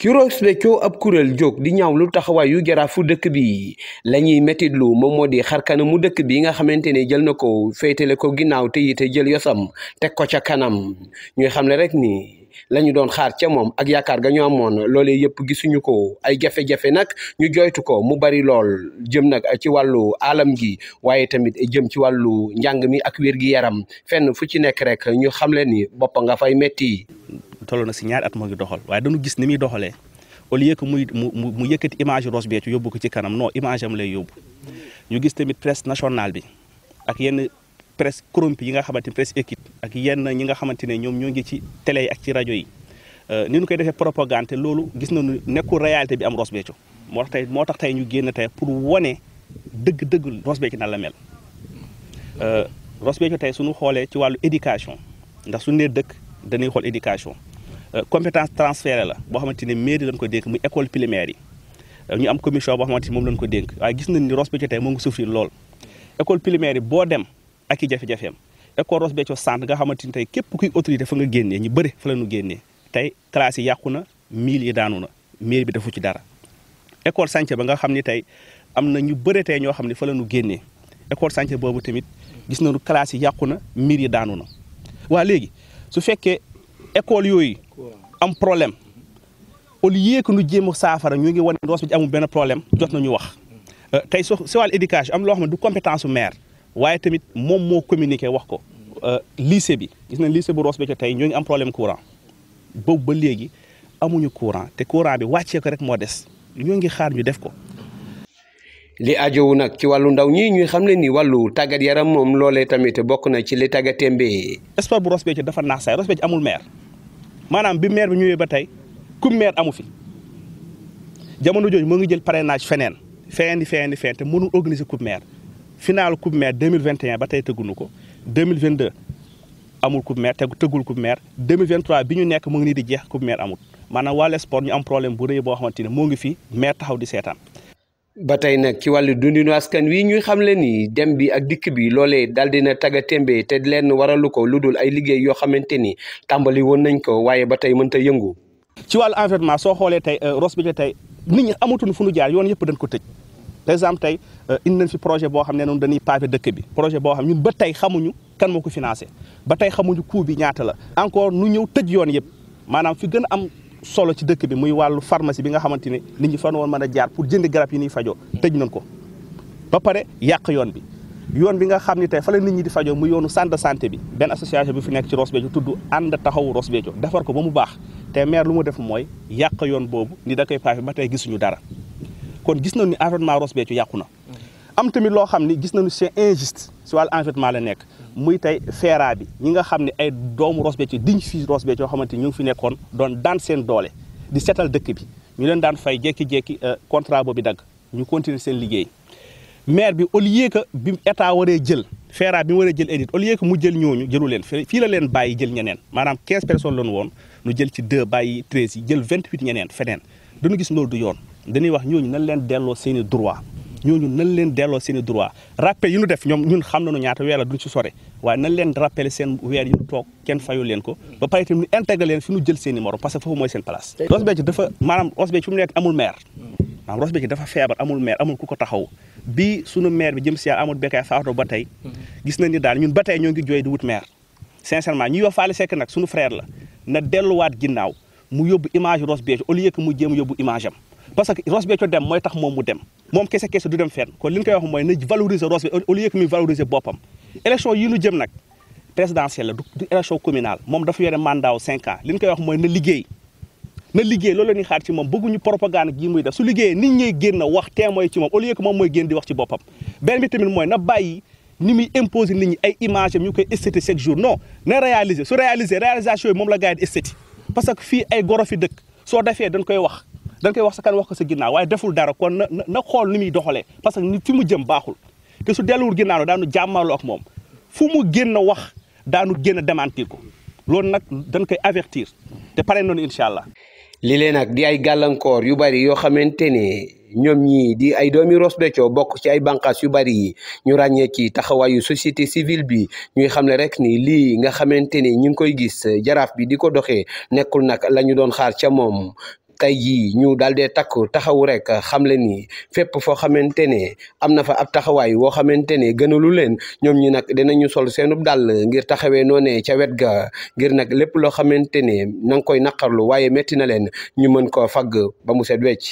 Kuros Béthio ab kuréel jóg di ñaaw lu taxawaayu jaraafu dëkk bi la ñuy métitlu moom moo di xar xarkana mu dëkk bi nga xamante ne jël na ko féetale ko ginnaaw te yite jël yosam teg ko ca kanam ñuy xam ne rek ni la ñu doon xaar ca moom ak yaakaar ga ñu amoon loole yëpp gisuñu ko ay jafe-jafe nag ñu joytu ko mu bari lool jëm nag ci wàllu alam gi waaye tamit jëm ci wàllu njàng mi ak wér gi yaram fenn fu ci nekk rek ñu xam leen ni bopp nga fay metti tolloo na si ñaari at moo ngi doxal waaye dañu gis ni muy doxalee au lieu que muy mu mu yëkkati image Ross Béthio yóbbu ko ci kanam non image am lay yóbbu ñu gis tamit presse national bi ak yenn presque corrompue yi nga xamante ni presse ak yenn ñi nga xamante ne ñoom ñoo ngi ci tele yi ak ci rajo yi euh, ni nu koy defee propagande loolu gis na nañu nekkul réalité bi am Ross Béthio moo tax tey moo tax tey ñu génn tey pour wane dëgg-dëgg Ross Béthio nan la mel euh, Ross Béthio su suñu xoolee ci wàllu éducation ndax suñu nee dëkk dañuy xool éducation Euh, compétence transférée la boo xamante ne mairie lañ ko dénk muy école primaire yi euh, ñu am commission boo xamante ni moom lañ ko dénk waaye gis na ni Ross Béthio tey moo ngi souffrir lool école primaire yi boo dem ak i jafe-jafeem école Ross Béthio centre nga xamante ni tey képp kuy autorité fa nga génnee ñu bëri fa la ñu génnee tey classes yi yàqu na mille yi daanu na mairie bi defu ci dara école Santhie ba nga xam ni tey am na ñu bëri ñoo xam ne fa la ñu école Santhie boobu tamit gis nañu classes yi yàqu na mille yi daanu na waa léegi su fekkee école yooyu am problème au lieu que nu jéem a saafara ñu ngi wane ndoos bi benn problème jot nañu wax euh, tey so si wàllu éducation am loo xam ne du compétence su maire waaye tamit moom moo communiqué wax ko euh, lycée bi gis nañ lycée bu Ross Béthio tey ñoo ngi am problème courant boobu ba léegi amuñu courant te courant bi wàccee ko rek moo des ñoo ngi xaar ñu def ko li ajowu nag ci wàllu ndaw ñi ñuy xam ne ni wàllu tàggat yaram moom loolee tamit bokk na ci li tàggatémbe sport bu Ross Béthio dafa naax saay Ross amul maire maanaam bi maire bi ñëwee ba tey ku amu fi jamono jooju moo ngi jël parrainage feneen feneen di feneen di feneen te mënul organiser coupe maire final coupe maire 2021 ba tey tëggunu ko 2022 amul coupe maire te tëggul coupe maire 2023 bi ñu nekk mu ngi nii di jeex coupe maire amul maanaam wàllu sport ñu am problème bu rëy boo xamante ne moo gi fi maire taxaw di seetaan ba tey nag ci wàllu dundinu askan wii ñuy xam le ni dem bi ak dikk bi loolee dal dina tagga témbe te lenn waralu ko lu dul ay liggéey yoo xamante ni tàmbali woon nañ ko waaye ba tey mënta yëngu ci wàllu environnement soo xoolee tey euh, Ross bi tey nit ñi amatuñu fu ñu jaar yoon yëpp dañ ko tëj par exemple tey euh, indi nañ fi projet boo xam ne noonu dañuy pavé dëkk bi projet boo xam ñun ba tey xamuñu kan moo ko financé ba tey xamuñu coût bi ñaata la encore nu ñëw tëj yoon yëpp solo ci dëkk bi muy wàllu pharmacie bi nga xamante ne nit ñi fan woon mën a jaar pour jënd garab yi ñuy fajoo tëj nañ ko ba pare yàq yoon bi yoon bi nga xam ni tey fa la nit ñi di fajoo muy yoonu centre de santé bi benn association bi fi nekk ci Ross Béthio tudd ànd taxawu Ross Béthio defar ko ba mu baax te maire lu ma def mooy yàq yoon boobu ni da koy paafe ba tey gisuñu dara kon gis nañ ni environnement Ross Béthio yàqu na am tamit loo xam ni gis nañu c'est injuste si la nekk muy tey feera bi ñi nga xam ne ay doomu Ross Béthio diñ fii Ross Béthio yoo xamante ñu ngi fi nekkoon doon daan seen doole di seetal dëkk bi ñu leen daan fay jékki-jékki euh, contrat bi dagg ñu continuer seen liggéey maire bi au lieu que bi état waree jël feera bi mu waree jël edit au lieu que mu jël ñooñu jëlu leen fii la leen bàyyi jël ñeneen maanaam 15 personnes lañu woon nu jël ci 2 bàyyi 13 yi jël 28 ñeneen feneen dañu gis loolu du yoon dañuy wax ñooñu nañ leen delloo seeni droit ñooñu nañ leen delloo seen i droit rappel yi ñu def ñoom ñun xam na nu ñaata weer la duñ ci sore waaye nañ leen rappeler seen weer yi ñu toog kenn fayu leen ko ba pare itam ñu intégré leen fi ñu jël seen i morom parce que foofu mooy seen place Ross Béthio dafa maanaam Ross Béthio amul maire maanaam Ross Béthio dafa feebar amul maire amul ku ko taxaw bi suñu maire bi jëm si yàlla amul Bécaye Fatou ba tey gis na ni daal ñun ba tey ñoo ngi jooy di wut maire sincèrement ñuy wax Faly Seck nag suñu frère la na delluwaat ginnaaw mu image Ross mu jéem yóbbu image am parce que Ross Béthio dem moy tax moom mu dem mom kessé kessé du dem fenn kon liñ koy wax moy na valoriser Ross Béthio au lieu que mi valoriser bopam élection yi ñu jëm nak présidentielle la du élection communale mom dafa yéré mandat 5 ans liñ koy wax moy na liggéey na liggéey loolu la ñuy xaar ci moom bëgguñu propagande gi muy def su liggéey nit ñuy génn wax témoin ci mom au lieu que mom moy génn di wax ci bopam benn bi tamit moy na bayyi ni muy imposer nit ñi ay image ñu koy esthéti chaque jour non na réaliser su réaliser réalisation mom la gaay yi esthéti parce que fi ay goro fi dëkk soo defee dañ koy wax dañ koy wax sa kan wax ko sa ginnaaw waaye deful dara kon na na xool ni muy doxalee parce que ni fi mu jëm baaxul te su delluwul ginnaaw daanu jàmmaloo ak moom fu mu génn wax daanu génn démentir ko loolu nag dañ koy avertir te pare noonu incha allah. li leen nag di ay gàllankoor yu bari yoo xamante ne. ñoom ñii di ay doomi ros Ross Béthio bokk ci ay bànqaas yu bari yi ñu ràññee ci taxawaayu société civile bi ñuy xamle rek nii lii nga xamante ni ñu ngi koy gis jaraaf bi di ko doxee nekkul nag la ñu doon xaar ca moom tey jii ñu daal dee takku taxaw rek xam le ni fépp foo xamante ne am na fa ab taxawaay woo xamante ne gënalu leen ñoom ñi nag dinañu sol seenub dàll ngir taxawee noo ne ca wet ga ngir nag lépp loo xamante ne na nga koy naqarlu waaye metti na leen ñu mën koo fagg ba mu set wecc